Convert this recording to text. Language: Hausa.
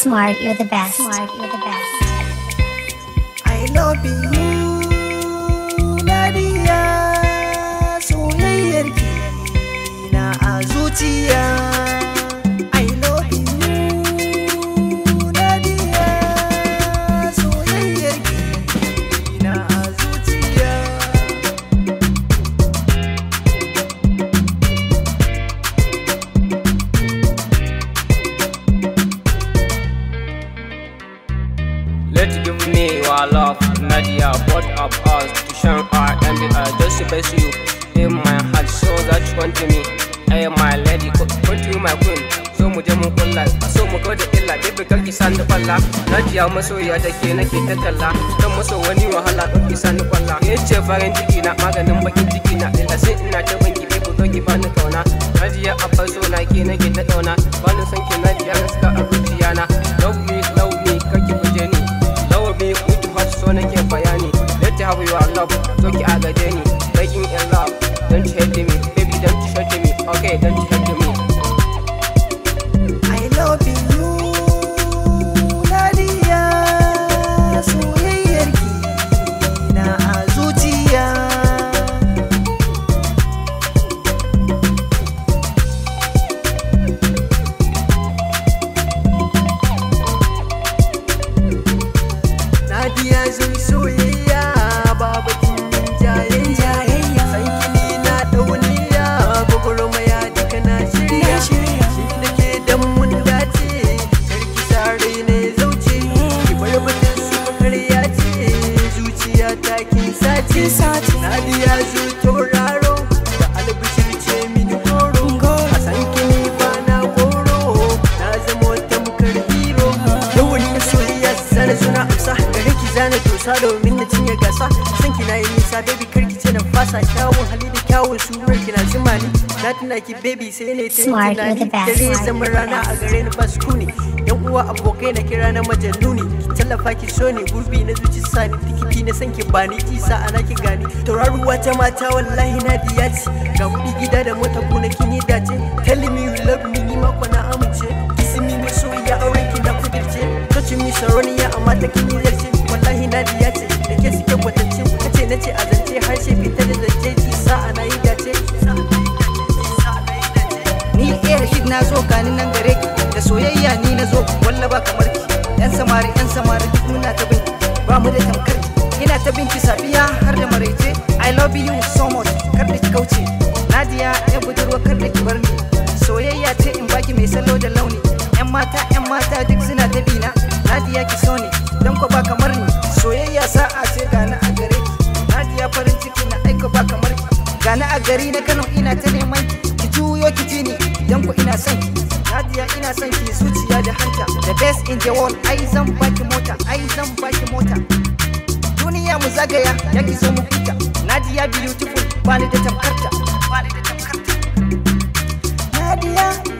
Smart, you're the best. Smart, you're the best. I love you. our love, media, both up us to share our envy. I just bless you in my heart, so that you want to me. Hey, my lady, put to my queen. So much life, so illa, baby kar ki sani kwalla. nake ta kalla, kan maso wani wahala kar ki sani kwalla. ce farin ciki na maganin bakin ciki na, illa sai ina ta banki bai ku ki bani kauna. Najiya a so na ke nake ta kauna, bani son ki najiya gaskiya. you are love, so ki agade you. ci sati. Nadiya ji taurari. ja na domin na cinye gasa san kina yi nisa baby karki ce na fasa kyawun hali da kyawun surar kina zuma ni na tuna ki baby sai ne ta yi tunani dare zaman rana a gare ni ba su ne yan uwa abokai na kira na majallu ne tallafa ki so ne gurbi na zuci sani tikiti na san ki bani isa ana ki gani tauraruwa ta mata wallahi na diya ce ga kuɗi gida da mota ko na kini dace tauhid na zo gani nan gare ki da soyayya ni na zo walla ba kamar ki yan samari yan samari duk muna ta bin ba mu da tamkar ina ta bin ki safiya har da maraice i love you so much kar da ki kauce nadiya yan budurwa kar da ki bar ni soyayya ce in baki mai sallo da launi yan mata yan mata duk suna ta bina nadiya ki so ne dan ko ba kamar ni soyayya sa'a ce gani a gare ki nadiya farin ciki na aika ba kamar ki gani a gari na kano ina ta neman ki juyo ki ji ni idan ku ina son ki Nadia ina son ki zuciya da hanta the best in the world ai zan baki mota ai zan baki mota duniya mu zagaya ya so mu fita Nadia beautiful bani da tamkarta bani da tamkarta Nadia